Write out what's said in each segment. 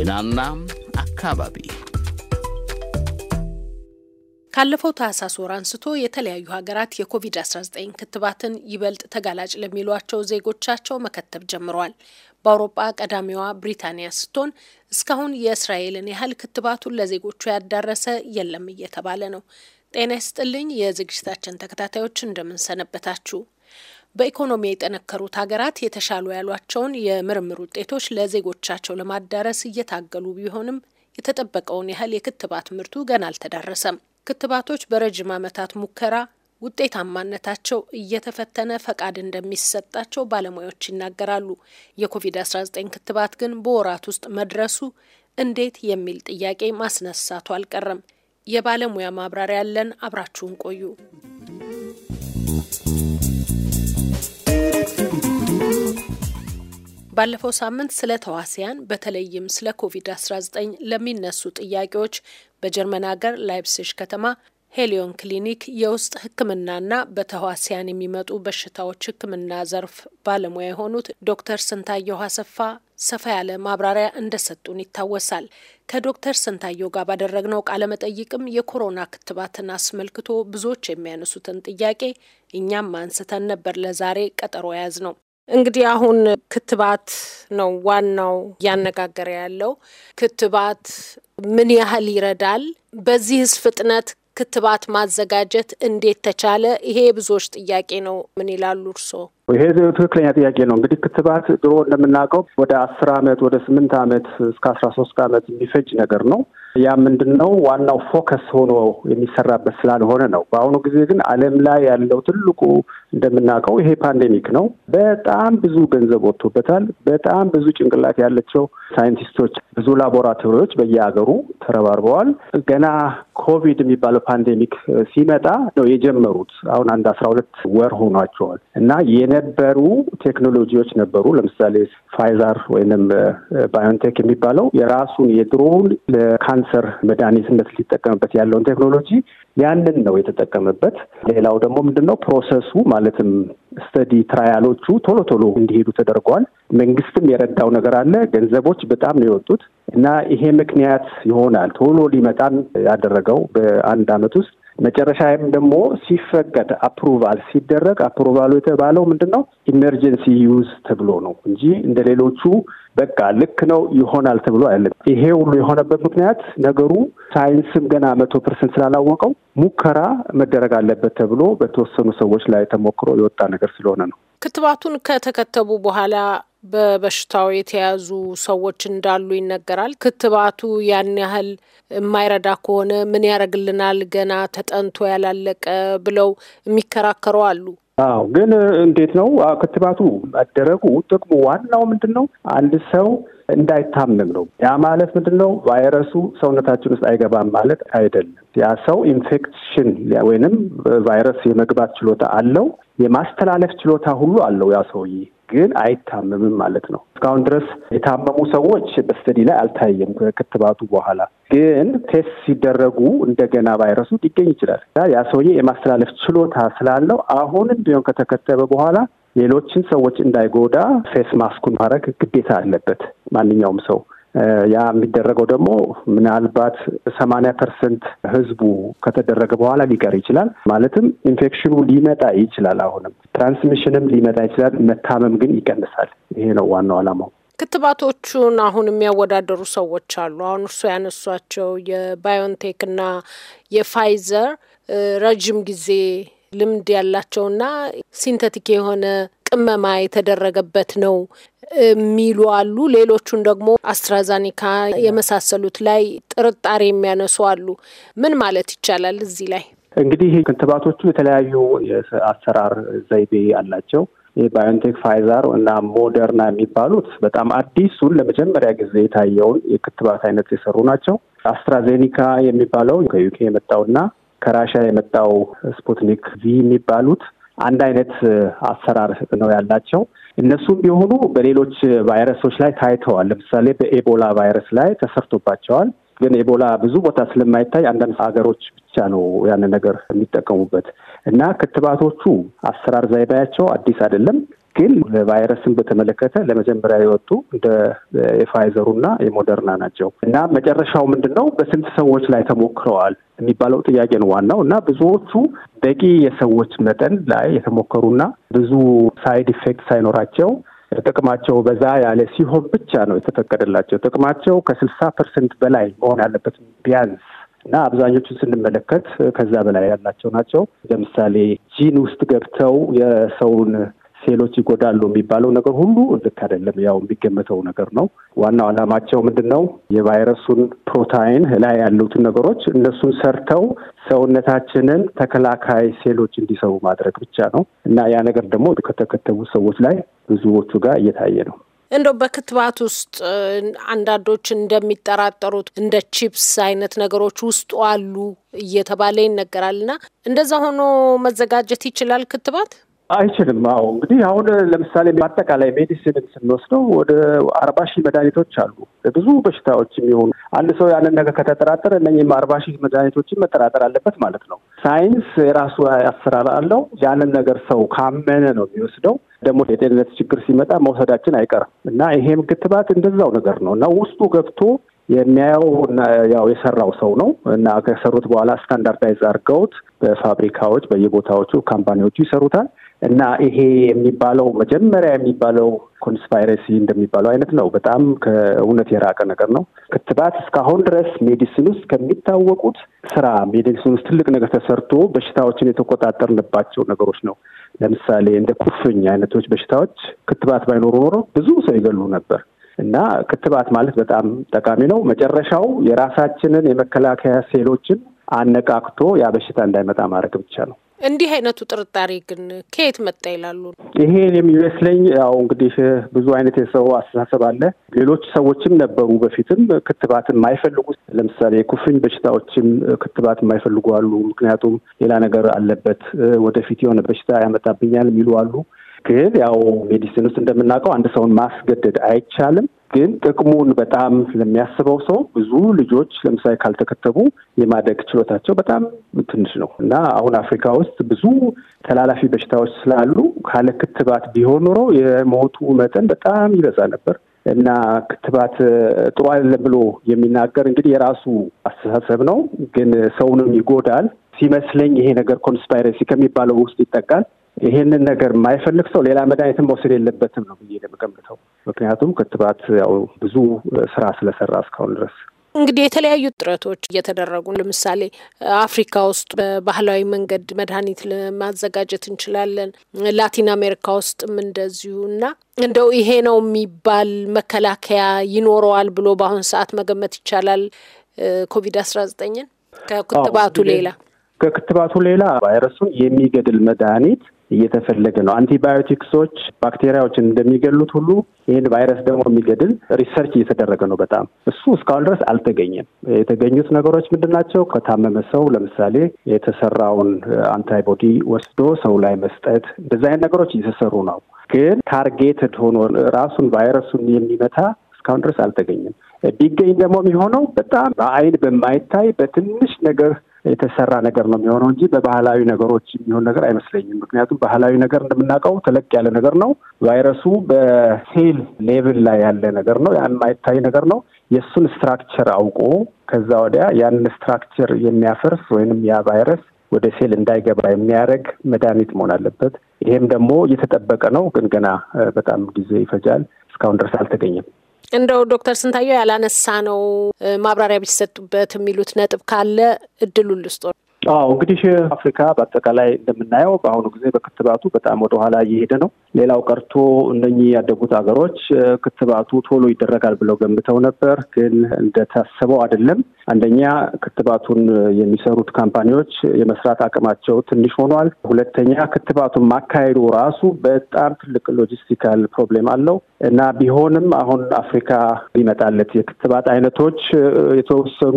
ጤናና አካባቢ ካለፈው ታህሳስ ወር አንስቶ የተለያዩ ሀገራት የኮቪድ-19 ክትባትን ይበልጥ ተጋላጭ ለሚሏቸው ዜጎቻቸው መከተብ ጀምረዋል። በአውሮጳ ቀዳሚዋ ብሪታንያ ስትሆን እስካሁን የእስራኤልን ያህል ክትባቱን ለዜጎቹ ያዳረሰ የለም እየተባለ ነው። ጤና ይስጥልኝ የዝግጅታችን ተከታታዮች እንደምንሰነበታችሁ። በኢኮኖሚ የጠነከሩት ሀገራት የተሻሉ ያሏቸውን የምርምር ውጤቶች ለዜጎቻቸው ለማዳረስ እየታገሉ ቢሆንም የተጠበቀውን ያህል የክትባት ምርቱ ገና አልተዳረሰም። ክትባቶች በረጅም ዓመታት ሙከራ ውጤታማነታቸው እየተፈተነ ፈቃድ እንደሚሰጣቸው ባለሙያዎች ይናገራሉ። የኮቪድ-19 ክትባት ግን በወራት ውስጥ መድረሱ እንዴት የሚል ጥያቄ ማስነሳቱ አልቀረም። የባለሙያ ማብራሪያ ያለን አብራችሁን ቆዩ። ባለፈው ሳምንት ስለ ተዋሲያን በተለይም ስለ ኮቪድ-19 ለሚነሱ ጥያቄዎች በጀርመን ሀገር ላይፕሲሽ ከተማ ሄሊዮን ክሊኒክ የውስጥ ሕክምናና በተዋሲያን የሚመጡ በሽታዎች ሕክምና ዘርፍ ባለሙያ የሆኑት ዶክተር ስንታየሁ አሰፋ ሰፋ ያለ ማብራሪያ እንደሰጡን ይታወሳል። ከዶክተር ስንታየሁ ጋር ባደረግነው ቃለመጠይቅም የኮሮና ክትባትን አስመልክቶ ብዙዎች የሚያነሱትን ጥያቄ እኛም አንስተን ነበር ለዛሬ ቀጠሮ የያዝ ነው። እንግዲህ አሁን ክትባት ነው ዋናው እያነጋገረ ያለው። ክትባት ምን ያህል ይረዳል? በዚህስ ፍጥነት ክትባት ማዘጋጀት እንዴት ተቻለ? ይሄ ብዙዎች ጥያቄ ነው። ምን ይላሉ እርስዎ? ይሄ ትክክለኛ ጥያቄ ነው። እንግዲህ ክትባት ድሮ እንደምናውቀው ወደ አስር አመት ወደ ስምንት አመት እስከ አስራ ሶስት አመት የሚፈጅ ነገር ነው። ያ ምንድን ነው ዋናው ፎከስ ሆኖ የሚሰራበት ስላልሆነ ነው። በአሁኑ ጊዜ ግን ዓለም ላይ ያለው ትልቁ እንደምናውቀው ይሄ ፓንዴሚክ ነው። በጣም ብዙ ገንዘብ ወጥቶበታል። በጣም ብዙ ጭንቅላት ያላቸው ሳይንቲስቶች፣ ብዙ ላቦራቶሪዎች በየሀገሩ ተረባርበዋል። ገና ኮቪድ የሚባለው ፓንዴሚክ ሲመጣ ነው የጀመሩት። አሁን አንድ አስራ ሁለት ወር ሆኗቸዋል እና የነበሩ ቴክኖሎጂዎች ነበሩ። ለምሳሌ ፋይዛር ወይም ባዮንቴክ የሚባለው የራሱን የድሮውን ለካንሰር መድኃኒትነት ሊጠቀምበት ያለውን ቴክኖሎጂ ያንን ነው የተጠቀመበት። ሌላው ደግሞ ምንድነው ፕሮሰሱ ማለትም ስተዲ ትራያሎቹ ቶሎ ቶሎ እንዲሄዱ ተደርገዋል። መንግስትም የረዳው ነገር አለ። ገንዘቦች በጣም ነው የወጡት። እና ይሄ ምክንያት ይሆናል ቶሎ ሊመጣን ያደረገው በአንድ አመት ውስጥ መጨረሻም ደግሞ ሲፈቀድ አፕሩቫል ሲደረግ አፕሩቫሉ የተባለው ምንድን ነው ኢመርጀንሲ ዩዝ ተብሎ ነው እንጂ እንደ ሌሎቹ በቃ ልክ ነው ይሆናል ተብሎ አይደለም። ይሄ ሁሉ የሆነበት ምክንያት ነገሩ ሳይንስም ገና መቶ ፐርሰንት ስላላወቀው ሙከራ መደረግ አለበት ተብሎ በተወሰኑ ሰዎች ላይ ተሞክሮ የወጣ ነገር ስለሆነ ነው። ክትባቱን ከተከተቡ በኋላ በበሽታው የተያዙ ሰዎች እንዳሉ ይነገራል። ክትባቱ ያን ያህል የማይረዳ ከሆነ ምን ያደርግልናል? ገና ተጠንቶ ያላለቀ ብለው የሚከራከሩ አሉ። አዎ፣ ግን እንዴት ነው ክትባቱ መደረጉ ጥቅሙ ዋናው ምንድን ነው? አንድ ሰው እንዳይታመም ነው። ያ ማለት ምንድን ነው? ቫይረሱ ሰውነታችን ውስጥ አይገባም ማለት አይደለም። ያ ሰው ኢንፌክሽን ወይንም ቫይረስ የመግባት ችሎታ አለው፣ የማስተላለፍ ችሎታ ሁሉ አለው ያ ሰውዬ ግን አይታመምም ማለት ነው። እስካሁን ድረስ የታመሙ ሰዎች በስተዲ ላይ አልታየም። ከክትባቱ በኋላ ግን ቴስት ሲደረጉ እንደገና ቫይረሱ ሊገኝ ይችላል። ያ ሰውዬ የማስተላለፍ ችሎታ ስላለው አሁንም ቢሆን ከተከተበ በኋላ ሌሎችን ሰዎች እንዳይጎዳ ፌስ ማስኩን ማድረግ ግዴታ አለበት ማንኛውም ሰው ያ የሚደረገው ደግሞ ምናልባት ሰማኒያ ፐርሰንት ህዝቡ ከተደረገ በኋላ ሊቀር ይችላል። ማለትም ኢንፌክሽኑ ሊመጣ ይችላል። አሁንም ትራንስሚሽንም ሊመጣ ይችላል። መታመም ግን ይቀንሳል። ይሄ ነው ዋናው ዓላማው። ክትባቶቹን አሁን የሚያወዳደሩ ሰዎች አሉ። አሁን እርሶ ያነሷቸው የባዮንቴክ እና የፋይዘር ረጅም ጊዜ ልምድ ያላቸውና ሲንተቲክ የሆነ ቅመማ የተደረገበት ነው የሚሉ አሉ። ሌሎቹን ደግሞ አስትራዛኒካ የመሳሰሉት ላይ ጥርጣሬ የሚያነሱ አሉ። ምን ማለት ይቻላል እዚህ ላይ? እንግዲህ ክትባቶቹ የተለያዩ አሰራር ዘይቤ አላቸው። ባዮንቴክ፣ ፋይዛር እና ሞደርና የሚባሉት በጣም አዲሱን ለመጀመሪያ ጊዜ የታየውን የክትባት አይነት የሰሩ ናቸው። አስትራዜኒካ የሚባለው ከዩኬ የመጣውና ከራሻ የመጣው ስፑትኒክ ቪ የሚባሉት አንድ አይነት አሰራር ነው ያላቸው። እነሱም ቢሆኑ በሌሎች ቫይረሶች ላይ ታይተዋል። ለምሳሌ በኤቦላ ቫይረስ ላይ ተሰርቶባቸዋል። ግን ኤቦላ ብዙ ቦታ ስለማይታይ አንዳንድ ሀገሮች ብቻ ነው ያንን ነገር የሚጠቀሙበት እና ክትባቶቹ አሰራር ዘይቤያቸው አዲስ አይደለም። ግን ለቫይረስን በተመለከተ ለመጀመሪያ የወጡ እንደ የፋይዘሩ እና የሞደርና ናቸው እና መጨረሻው ምንድን ነው በስንት ሰዎች ላይ ተሞክረዋል የሚባለው ጥያቄ ነው ዋናው እና ብዙዎቹ በቂ የሰዎች መጠን ላይ የተሞከሩና ብዙ ሳይድ ኢፌክት ሳይኖራቸው ጥቅማቸው በዛ ያለ ሲሆን ብቻ ነው የተፈቀደላቸው። ጥቅማቸው ከስልሳ ፐርሰንት በላይ መሆን ያለበት ቢያንስ እና አብዛኞቹን ስንመለከት ከዛ በላይ ያላቸው ናቸው። ለምሳሌ ጂን ውስጥ ገብተው የሰውን ሴሎች ይጎዳሉ የሚባለው ነገር ሁሉ ልክ አይደለም። ያው የሚገመተው ነገር ነው። ዋናው ዓላማቸው ምንድን ነው? የቫይረሱን ፕሮታይን ላይ ያሉትን ነገሮች እነሱን ሰርተው ሰውነታችንን ተከላካይ ሴሎች እንዲሰሩ ማድረግ ብቻ ነው እና ያ ነገር ደግሞ ከተከተቡ ሰዎች ላይ ብዙዎቹ ጋር እየታየ ነው። እንደው በክትባት ውስጥ አንዳንዶች እንደሚጠራጠሩት እንደ ቺፕስ አይነት ነገሮች ውስጡ አሉ እየተባለ ይነገራል እና እንደዛ ሆኖ መዘጋጀት ይችላል ክትባት አይችልም። አዎ እንግዲህ አሁን ለምሳሌ አጠቃላይ ሜዲሲንን ስንወስደው ወደ አርባ ሺህ መድኃኒቶች አሉ ብዙ በሽታዎች የሚሆኑ አንድ ሰው ያንን ነገር ከተጠራጠረ እነኝህም አርባ ሺህ መድኃኒቶችን መጠራጠር አለበት ማለት ነው። ሳይንስ የራሱ አሰራር አለው። ያንን ነገር ሰው ካመነ ነው የሚወስደው። ደግሞ የጤንነት ችግር ሲመጣ መውሰዳችን አይቀርም እና ይሄም ክትባት እንደዛው ነገር ነው እና ውስጡ ገብቶ የሚያየው ያው የሰራው ሰው ነው እና ከሰሩት በኋላ ስታንዳርዳይዝ አድርገውት በፋብሪካዎች በየቦታዎቹ ካምፓኒዎቹ ይሰሩታል። እና ይሄ የሚባለው መጀመሪያ የሚባለው ኮንስፓይረሲ እንደሚባለው አይነት ነው። በጣም ከእውነት የራቀ ነገር ነው። ክትባት እስካሁን ድረስ ሜዲሲን ውስጥ ከሚታወቁት ስራ ሜዲሲን ውስጥ ትልቅ ነገር ተሰርቶ በሽታዎችን የተቆጣጠርንባቸው ነገሮች ነው። ለምሳሌ እንደ ኩፍኝ አይነቶች በሽታዎች ክትባት ባይኖሩ ኖሮ ብዙ ሰው ይገሉ ነበር። እና ክትባት ማለት በጣም ጠቃሚ ነው። መጨረሻው የራሳችንን የመከላከያ ሴሎችን አነቃቅቶ ያ በሽታ እንዳይመጣ ማድረግ ብቻ ነው። እንዲህ አይነቱ ጥርጣሬ ግን ከየት መጣ ይላሉ? ይሄ የሚመስለኝ ያው እንግዲህ ብዙ አይነት የሰው አስተሳሰብ አለ። ሌሎች ሰዎችም ነበሩ በፊትም ክትባት የማይፈልጉ ለምሳሌ የኩፍኝ በሽታዎችም ክትባት የማይፈልጉ አሉ። ምክንያቱም ሌላ ነገር አለበት ወደፊት የሆነ በሽታ ያመጣብኛል የሚሉ አሉ። ግን ያው ሜዲሲን ውስጥ እንደምናውቀው አንድ ሰውን ማስገደድ አይቻልም። ግን ጥቅሙን በጣም ለሚያስበው ሰው ብዙ ልጆች ለምሳሌ ካልተከተቡ የማደግ ችሎታቸው በጣም ትንሽ ነው እና አሁን አፍሪካ ውስጥ ብዙ ተላላፊ በሽታዎች ስላሉ ካለ ክትባት ቢሆን ኖሮ የሞቱ መጠን በጣም ይበዛ ነበር እና ክትባት ጥሩ አይደለም ብሎ የሚናገር እንግዲህ የራሱ አስተሳሰብ ነው፣ ግን ሰውንም ይጎዳል። ሲመስለኝ ይሄ ነገር ኮንስፓይረሲ ከሚባለው ውስጥ ይጠቃል። ይሄንን ነገር የማይፈልግ ሰው ሌላ መድኃኒትን መውሰድ የለበትም ነው ብዬ የምገምተው። ምክንያቱም ክትባት ያው ብዙ ስራ ስለሰራ እስካሁን ድረስ እንግዲህ የተለያዩ ጥረቶች እየተደረጉ ለምሳሌ አፍሪካ ውስጥ በባህላዊ መንገድ መድኃኒት ለማዘጋጀት እንችላለን። ላቲን አሜሪካ ውስጥም እንደዚሁ እና እንደው ይሄ ነው የሚባል መከላከያ ይኖረዋል ብሎ በአሁን ሰዓት መገመት ይቻላል ኮቪድ አስራ ዘጠኝን ከክትባቱ ሌላ ከክትባቱ ሌላ ቫይረሱን የሚገድል መድኃኒት እየተፈለገ ነው። አንቲባዮቲክሶች ባክቴሪያዎችን እንደሚገሉት ሁሉ ይህን ቫይረስ ደግሞ የሚገድል ሪሰርች እየተደረገ ነው። በጣም እሱ እስካሁን ድረስ አልተገኘም። የተገኙት ነገሮች ምንድን ናቸው? ከታመመ ሰው ለምሳሌ የተሰራውን አንታይቦዲ ወስዶ ሰው ላይ መስጠት፣ እንደዚህ አይነት ነገሮች እየተሰሩ ነው። ግን ታርጌትድ ሆኖ ራሱን ቫይረሱን የሚመታ እስካሁን ድረስ አልተገኘም። ቢገኝ ደግሞ የሚሆነው በጣም በአይን በማይታይ በትንሽ ነገር የተሰራ ነገር ነው የሚሆነው እንጂ በባህላዊ ነገሮች የሚሆን ነገር አይመስለኝም። ምክንያቱም ባህላዊ ነገር እንደምናውቀው ተለቅ ያለ ነገር ነው። ቫይረሱ በሴል ሌቭል ላይ ያለ ነገር ነው። ያን የማይታይ ነገር ነው። የእሱን ስትራክቸር አውቆ ከዛ ወዲያ ያንን ስትራክቸር የሚያፈርስ ወይንም ያ ቫይረስ ወደ ሴል እንዳይገባ የሚያደርግ መድኃኒት መሆን አለበት። ይሄም ደግሞ እየተጠበቀ ነው፣ ግን ገና በጣም ጊዜ ይፈጃል። እስካሁን ድረስ አልተገኘም። እንደው ዶክተር ስንታየው ያላነሳ ነው ማብራሪያ ቢሰጡበት የሚሉት ነጥብ ካለ እድሉን ልስጦ። አዎ እንግዲህ አፍሪካ በአጠቃላይ እንደምናየው በአሁኑ ጊዜ በክትባቱ በጣም ወደኋላ እየሄደ ነው። ሌላው ቀርቶ እነኚህ ያደጉት ሀገሮች ክትባቱ ቶሎ ይደረጋል ብለው ገምተው ነበር፣ ግን እንደታሰበው አይደለም። አንደኛ ክትባቱን የሚሰሩት ካምፓኒዎች የመስራት አቅማቸው ትንሽ ሆኗል። ሁለተኛ ክትባቱን ማካሄዱ ራሱ በጣም ትልቅ ሎጂስቲካል ፕሮብሌም አለው። እና ቢሆንም አሁን አፍሪካ ይመጣለት የክትባት አይነቶች የተወሰኑ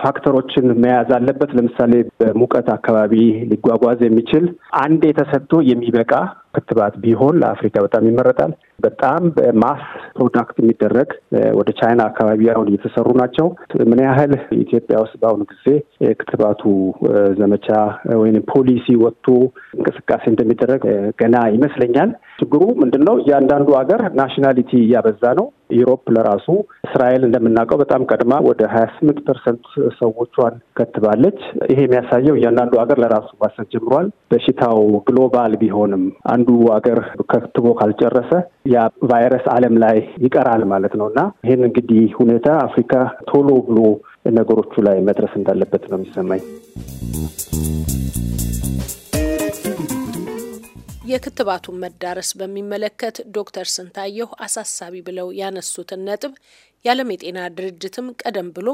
ፋክተሮችን መያዝ አለበት። ለምሳሌ በሙቀት አካባቢ ሊጓጓዝ የሚችል አንዴ ተሰጥቶ የሚበቃ ክትባት ቢሆን ለአፍሪካ በጣም ይመረጣል። በጣም በማስ ፕሮዳክት የሚደረግ ወደ ቻይና አካባቢ አሁን እየተሰሩ ናቸው። ምን ያህል ኢትዮጵያ ውስጥ በአሁኑ ጊዜ የክትባቱ ዘመቻ ወይም ፖሊሲ ወጥቶ እንቅስቃሴ እንደሚደረግ ገና ይመስለኛል። ችግሩ ምንድን ነው? እያንዳንዱ ሀገር ናሽናሊቲ እያበዛ ነው። ዩሮፕ ለራሱ እስራኤል እንደምናውቀው በጣም ቀድማ ወደ ሀያ ስምንት ፐርሰንት ሰዎቿን ከትባለች። ይሄ የሚያሳየው እያንዳንዱ ሀገር ለራሱ ማሰብ ጀምሯል። በሽታው ግሎባል ቢሆንም አንዱ ሀገር ከትቦ ካልጨረሰ ያ ቫይረስ ዓለም ላይ ይቀራል ማለት ነው እና ይህን እንግዲህ ሁኔታ አፍሪካ ቶሎ ብሎ ነገሮቹ ላይ መድረስ እንዳለበት ነው የሚሰማኝ። የክትባቱን መዳረስ በሚመለከት ዶክተር ስንታየሁ አሳሳቢ ብለው ያነሱትን ነጥብ የዓለም የጤና ድርጅትም ቀደም ብሎ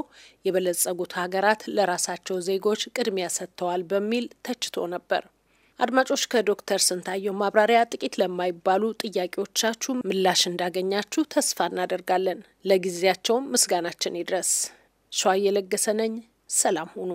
የበለጸጉት ሀገራት ለራሳቸው ዜጎች ቅድሚያ ሰጥተዋል በሚል ተችቶ ነበር። አድማጮች ከዶክተር ስንታየሁ ማብራሪያ ጥቂት ለማይባሉ ጥያቄዎቻችሁ ምላሽ እንዳገኛችሁ ተስፋ እናደርጋለን። ለጊዜያቸውም ምስጋናችን ይድረስ። ሸዋ እየለገሰ ነኝ። ሰላም ሁኑ።